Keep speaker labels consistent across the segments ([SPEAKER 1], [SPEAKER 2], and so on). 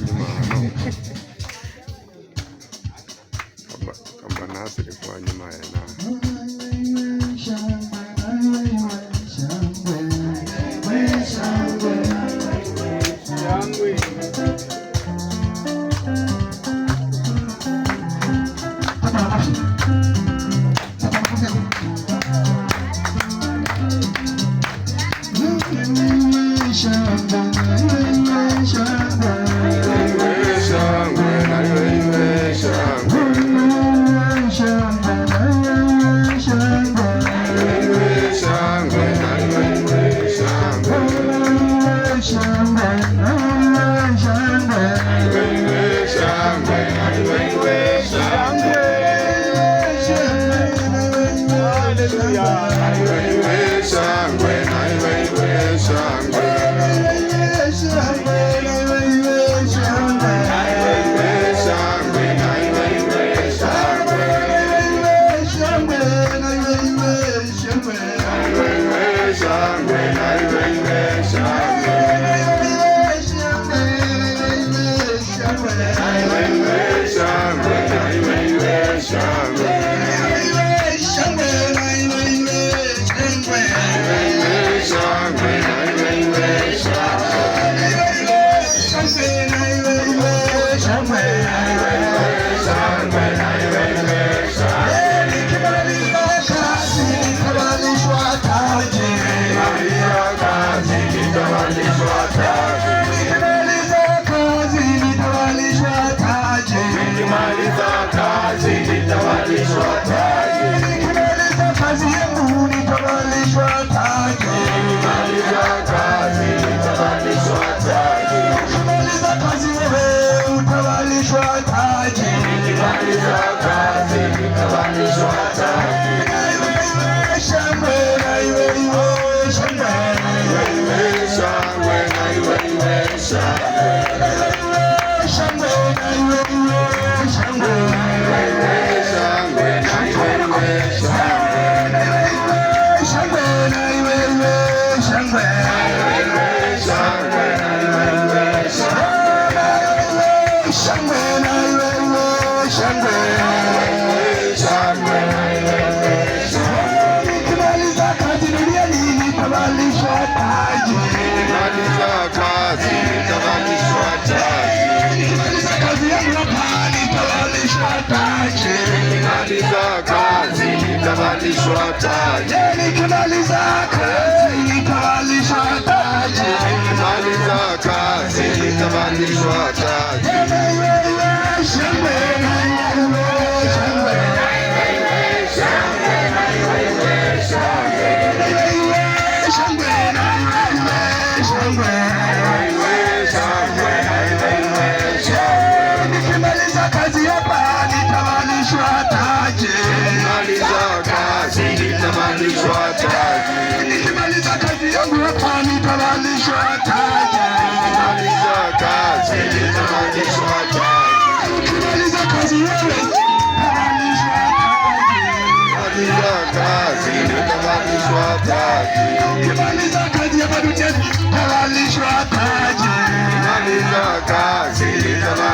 [SPEAKER 1] nyuma kamba nasi ilikuwa nyuma yana
[SPEAKER 2] Shambhala.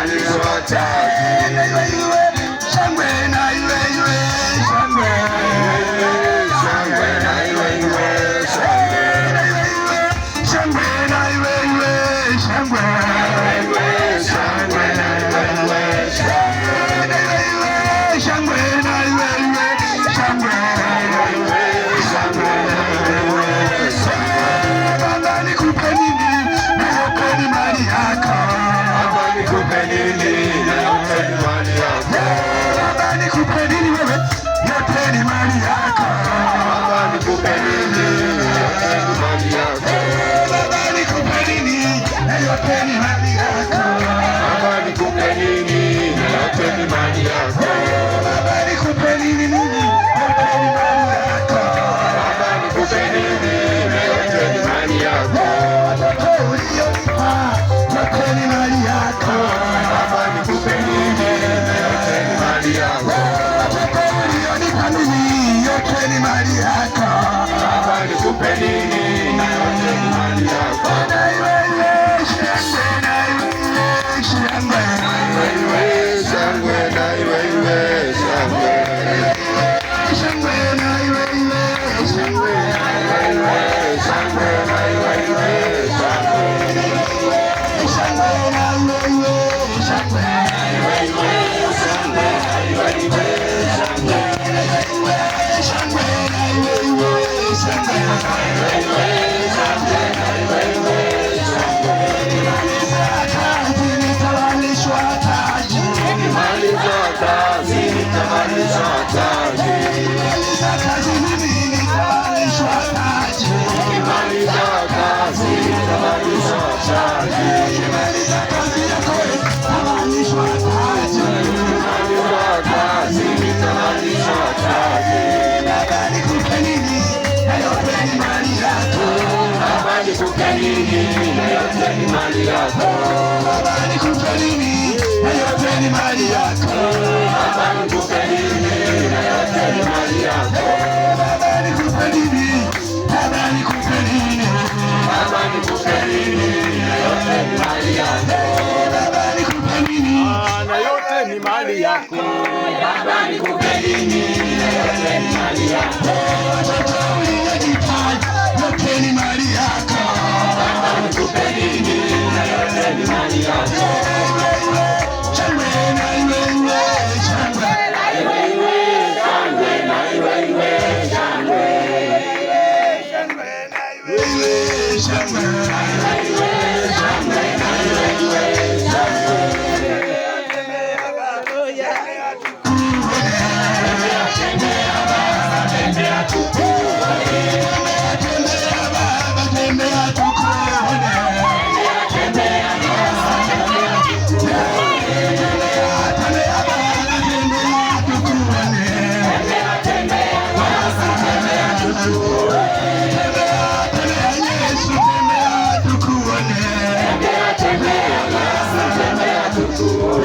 [SPEAKER 2] na iwe shangwe na iwe iwe mali yako Baba nikupe nini? Yote ni mali yako. Watoto uliojipatia Tupeni Injili na yote ni mali yake.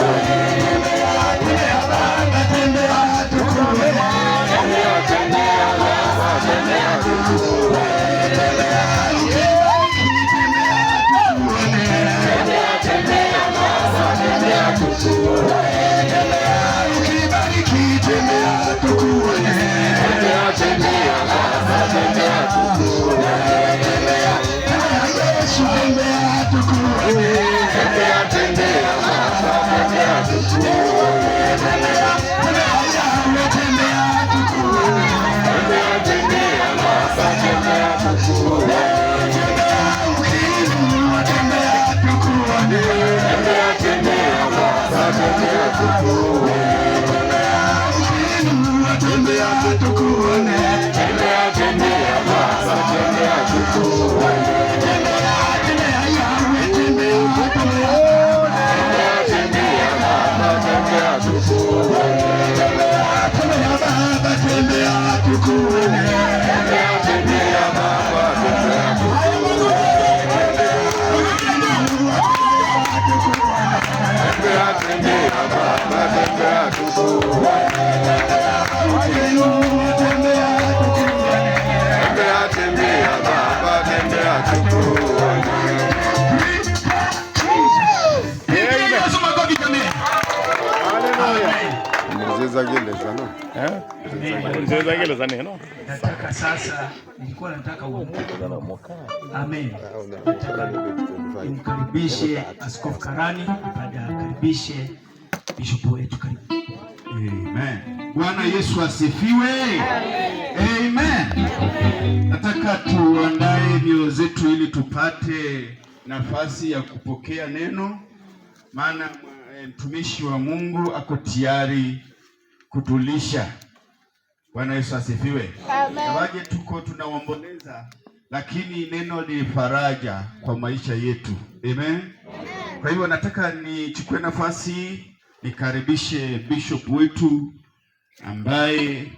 [SPEAKER 2] Amen. I'm gonna Lord, gereza neno. Nataka sasa, nilikuwa nataka amen, ah, nimkaribishe Askofu Karani baada akaribishe bishopu wetu. Amen. Bwana Yesu asifiwe. Amen. Amen. Nataka tuandae mioyo zetu ili tupate nafasi ya kupokea neno maana eh, mtumishi wa Mungu ako tayari kutulisha. Bwana Yesu asifiwe. waje Tuko tunaomboleza, lakini neno ni faraja kwa maisha yetu. Amen. Amen. Kwa hivyo nataka nichukue nafasi nikaribishe bishop wetu ambaye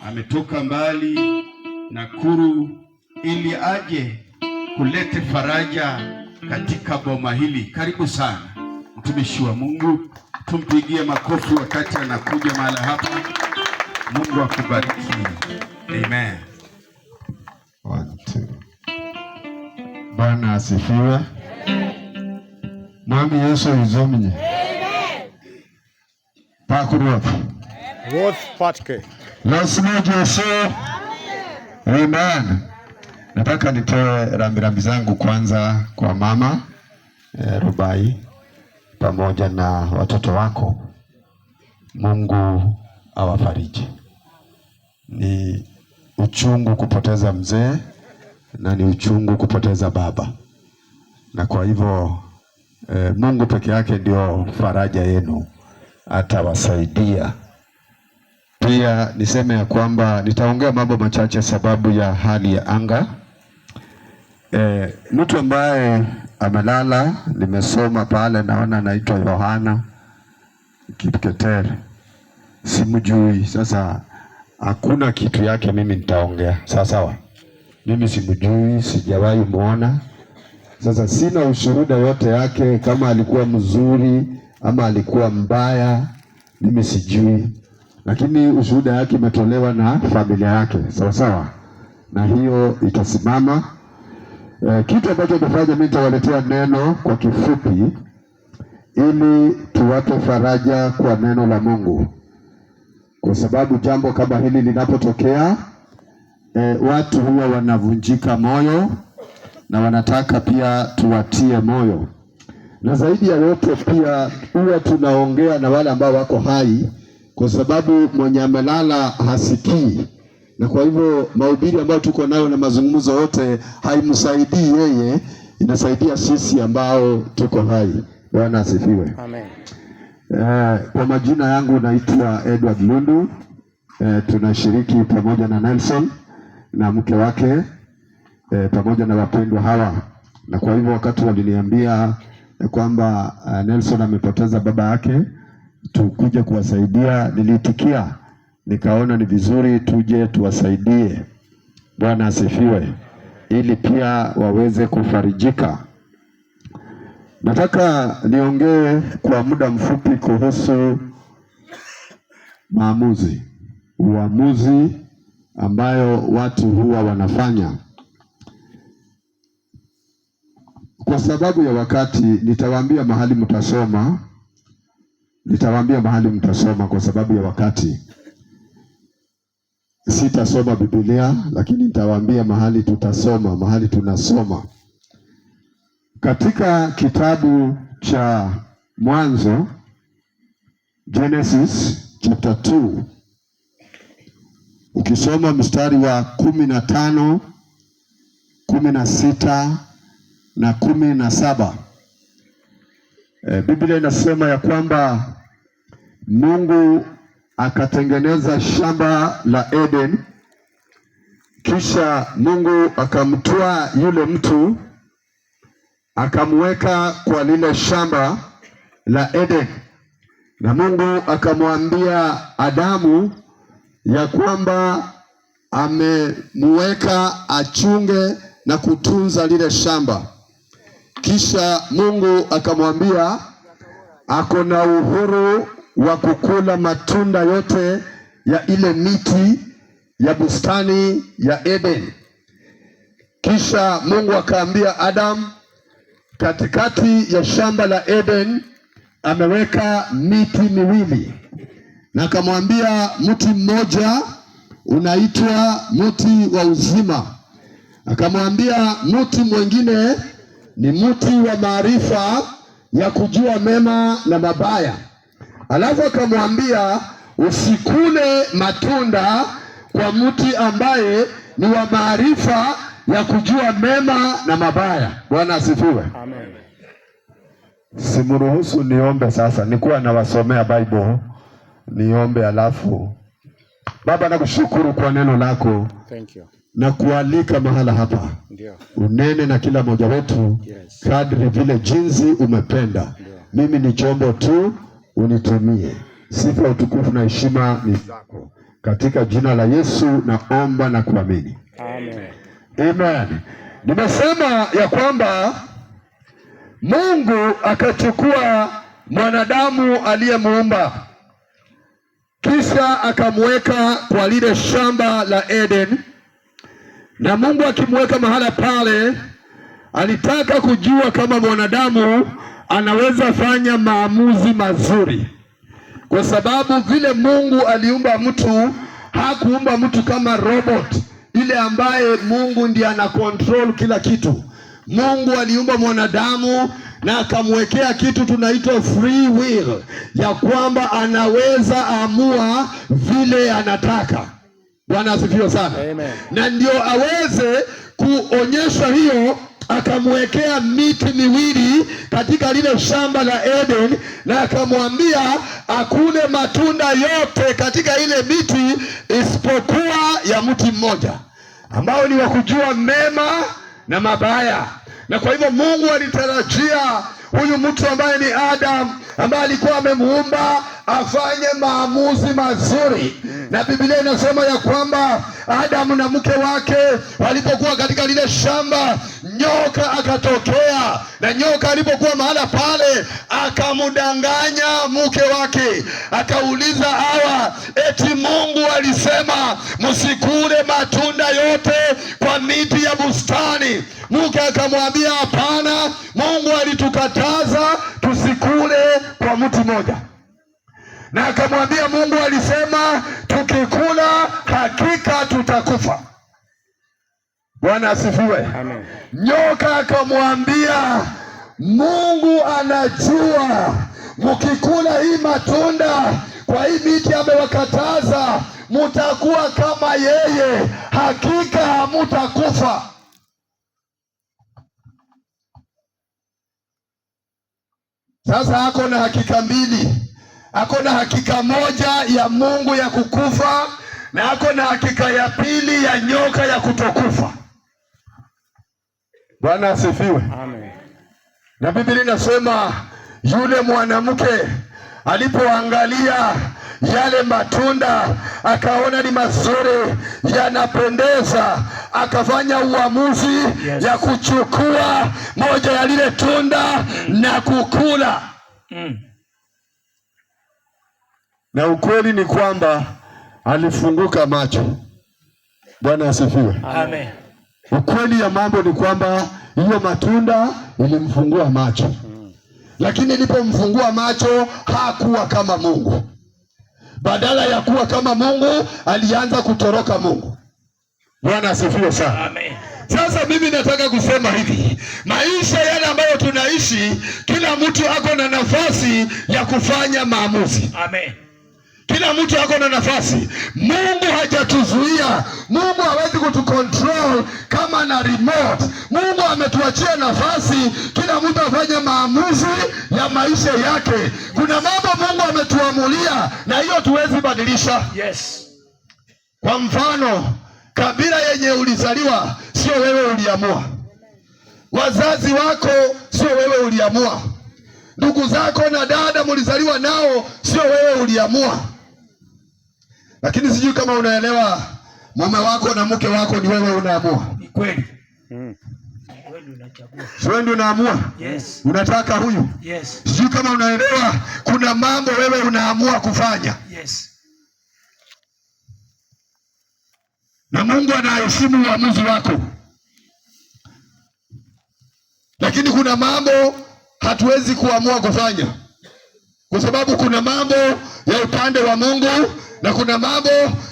[SPEAKER 2] ametoka mbali Nakuru ili aje kulete faraja katika boma hili. Karibu sana mtumishi wa Mungu. Tumpigie makofi wakati anakuja mahala hapa. Mungu akubariki. Amen. One, two. Bwana asifiwe. Mwami Yesu izomnye Amen. Pakurwa. Woth patke. Lazima Yesu. Amen. Nataka nitoe rambirambi zangu kwanza kwa mama eh, Rubai pamoja na watoto wako. Mungu awafariji. Ni uchungu kupoteza mzee na ni uchungu kupoteza baba, na kwa hivyo e, Mungu peke yake ndio faraja yenu, atawasaidia pia. Niseme ya kwamba nitaongea mambo machache sababu ya hali ya anga. Eh, mtu ambaye amelala nimesoma pale, naona anaitwa Yohana Kipketer, simjui. Sasa hakuna kitu yake mimi nitaongea sawa sawa. Mimi simjui, sijawahi muona. Sasa sina ushuhuda yote yake, kama alikuwa mzuri ama alikuwa mbaya, mimi sijui, lakini ushuhuda yake imetolewa na familia yake sawa sawa, na hiyo itasimama E, kitu ambacho tufanye, mimi nitawaletea neno kwa kifupi ili tuwape faraja kwa neno la Mungu, kwa sababu jambo kama hili linapotokea, eh, watu huwa wanavunjika moyo na wanataka pia tuwatie moyo, na zaidi ya yote pia huwa tunaongea na wale ambao wako hai, kwa sababu mwenye amelala hasikii na kwa hivyo mahubiri ambayo tuko nayo na mazungumzo yote haimsaidii yeye, inasaidia sisi ambao tuko hai. Bwana asifiwe, amen. Eh, kwa majina yangu naitwa Edward Lundu. Eh, tunashiriki pamoja na Nelson na mke wake eh, pamoja na wapendwa hawa, na kwa hivyo wakati waliniambia eh, kwamba eh, Nelson amepoteza baba yake tukuja kuwasaidia, niliitikia nikaona ni vizuri tuje tuwasaidie. Bwana asifiwe, ili pia waweze kufarijika. Nataka niongee kwa muda mfupi kuhusu maamuzi, uamuzi ambayo watu huwa wanafanya. Kwa sababu ya wakati, nitawaambia mahali mtasoma, nitawaambia mahali mtasoma kwa sababu ya wakati. Sitasoma Biblia, lakini nitawaambia mahali tutasoma, mahali tunasoma katika kitabu cha Mwanzo, Genesis chapter 2 ukisoma mstari wa kumi na tano kumi na sita na kumi na saba e, Biblia inasema ya kwamba Mungu akatengeneza shamba la Eden, kisha Mungu akamtoa yule mtu akamweka kwa lile shamba la Eden, na Mungu akamwambia Adamu ya kwamba amemweka achunge na kutunza lile shamba. Kisha Mungu akamwambia ako na uhuru wa kukula matunda yote ya ile miti ya bustani ya eden Kisha Mungu akaambia adam katikati ya shamba la eden ameweka miti miwili, na akamwambia mti mmoja unaitwa mti wa uzima, akamwambia mti mwingine ni mti wa maarifa ya kujua mema na mabaya alafu akamwambia usikule matunda kwa mti ambaye ni wa maarifa ya kujua mema na mabaya. Bwana asifiwe, amen. Simruhusu niombe sasa, nikuwa nawasomea Bible, niombe alafu. Baba, nakushukuru kwa neno lako. Thank you na kualika mahala hapa Ndiyo. Unene na kila mmoja wetu yes. Kadri vile jinsi umependa Ndiyo. Mimi ni chombo tu unitumie. Sifa, utukufu na heshima ni zako. Katika jina la Yesu naomba na kuamini, amen. Amen. Nimesema ya kwamba Mungu akachukua mwanadamu aliyemuumba kisha akamweka kwa lile shamba la Eden, na Mungu akimweka mahala pale, alitaka kujua kama mwanadamu anaweza fanya maamuzi mazuri, kwa sababu vile Mungu aliumba mtu, hakuumba mtu kama robot ile ambaye Mungu ndiye ana control kila kitu. Mungu aliumba mwanadamu na akamwekea kitu tunaitwa free will, ya kwamba anaweza amua vile anataka. Bwana asifiwe sana. Amen. Na ndio aweze kuonyesha hiyo akamwekea miti miwili katika lile shamba la eden na akamwambia akule matunda yote katika ile miti isipokuwa ya mti mmoja ambao ni wa kujua mema na mabaya. Na kwa hivyo Mungu alitarajia huyu mtu ambaye ni Adamu ambaye alikuwa amemuumba afanye maamuzi mazuri mm. Na Biblia inasema ya kwamba Adamu na mke wake walipokuwa katika lile shamba, nyoka akatokea, na nyoka alipokuwa mahala pale akamdanganya mke wake, akauliza Hawa, eti Mungu alisema msikule matunda yote kwa miti ya bustani? Mke akamwambia hapana, Mungu alitukataza tusikule kwa mti moja na akamwambia, Mungu alisema tukikula hakika tutakufa. Bwana asifiwe, amen. Nyoka akamwambia, Mungu anajua mkikula hii matunda kwa hii miti amewakataza, mutakuwa kama yeye, hakika hamutakufa. Sasa ako na hakika mbili ako na hakika moja ya Mungu ya kukufa na ako na hakika ya pili ya nyoka ya kutokufa. Bwana asifiwe, amen. Na Biblia inasema yule mwanamke alipoangalia yale matunda akaona ni mazuri yanapendeza, akafanya uamuzi yes, ya kuchukua moja ya lile tunda mm, na kukula mm na ukweli ni kwamba alifunguka macho. Bwana asifiwe, amen. Ukweli ya mambo ni kwamba hiyo matunda ilimfungua macho Lakini ilipomfungua macho hakuwa kama Mungu. Badala ya kuwa kama Mungu alianza kutoroka Mungu. Bwana asifiwe sana, amen. Sasa mimi nataka kusema hivi, maisha yale ambayo tunaishi, kila mtu ako na nafasi ya kufanya maamuzi, amen. Kila mtu ako na nafasi. Mungu hajatuzuia, Mungu hawezi kutukontrol kama na remote. Mungu ametuachia nafasi, kila mtu afanye maamuzi ya maisha yake. Kuna mambo Mungu ametuamulia na hiyo tuwezi badilisha. Yes. Kwa mfano, kabila yenye ulizaliwa sio wewe uliamua, wazazi wako sio wewe uliamua, ndugu zako na dada mulizaliwa nao sio wewe uliamua. Lakini sijui kama unaelewa, mume wako na mke wako ni wewe unaamua. Ni kweli. Mm. Wewe ndio unaamua. Yes. Unataka huyu? Yes. Sijui kama unaelewa, kuna mambo wewe unaamua kufanya. Yes. Na Mungu anaheshimu uamuzi wako. Lakini kuna mambo hatuwezi kuamua kufanya. Kwa sababu kuna mambo ya upande wa Mungu na kuna mambo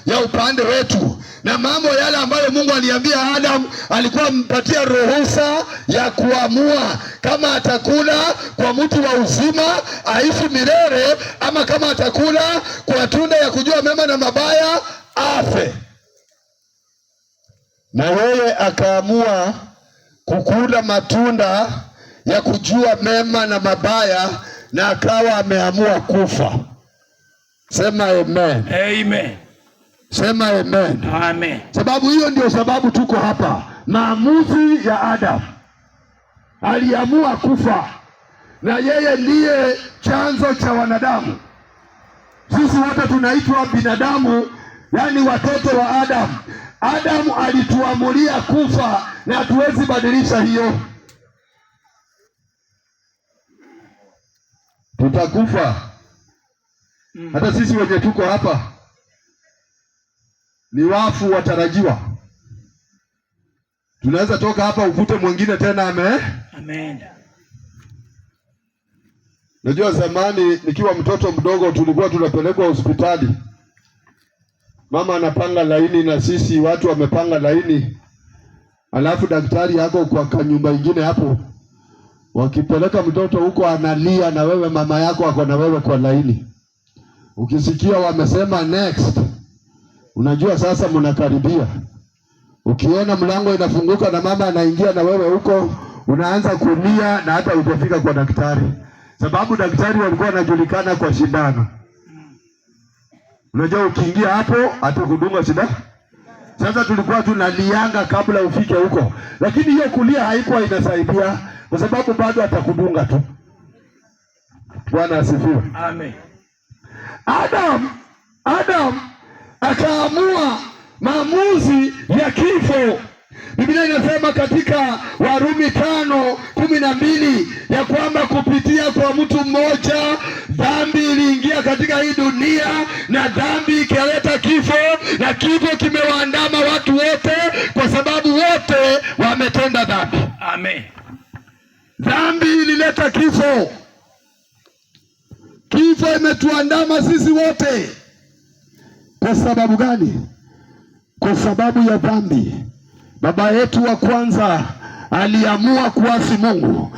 [SPEAKER 2] ya upande wetu na mambo yale ambayo Mungu aliambia Adam, alikuwa ampatia ruhusa ya kuamua kama atakula kwa mtu wa uzima aishi milele, ama kama atakula kwa tunda ya kujua mema na mabaya afe. Na yeye akaamua kukula matunda ya kujua mema na mabaya, na akawa ameamua kufa. Sema amen. Amen. Sema amen. Amen. Sababu hiyo ndio sababu tuko hapa. Maamuzi ya Adamu, aliamua kufa, na yeye ndiye chanzo cha wanadamu. Sisi wote tunaitwa binadamu, yaani watoto wa Adamu. Adamu alituamulia kufa, na hatuwezi badilisha hiyo. Tutakufa. Mm. Hata sisi wenye tuko hapa ni wafu watarajiwa, tunaweza toka hapa uvute mwingine tena. ame amen. Najua zamani nikiwa mtoto mdogo tulikuwa tunapelekwa hospitali, mama anapanga laini na sisi watu wamepanga laini, alafu daktari yako kwa kanyumba ingine hapo, wakipeleka mtoto huko analia, na wewe mama yako ako na wewe kwa laini Ukisikia wamesema next, unajua sasa mnakaribia. Ukiona mlango inafunguka na mama anaingia na wewe huko unaanza kulia, na hata utafika kwa daktari, sababu daktari walikuwa wanajulikana kwa shindano. Unajua ukiingia hapo atakudunga shida. Sasa tulikuwa tunalianga kabla ufike huko, lakini hiyo kulia haikuwa inasaidia, kwa sababu bado atakudunga tu. Bwana asifiwe, amen. Adam, Adam akaamua maamuzi ya kifo. Biblia inasema katika Warumi tano kumi na mbili ya kwamba kupitia kwa mtu mmoja dhambi iliingia katika hii dunia, na dhambi ikaleta kifo, na kifo kimewaandama watu wote kwa sababu wote wametenda dhambi. Amen. Dhambi ilileta kifo. Kifo imetuandama sisi wote. Kwa sababu gani? Kwa sababu ya dhambi. Baba yetu wa kwanza aliamua kuasi Mungu.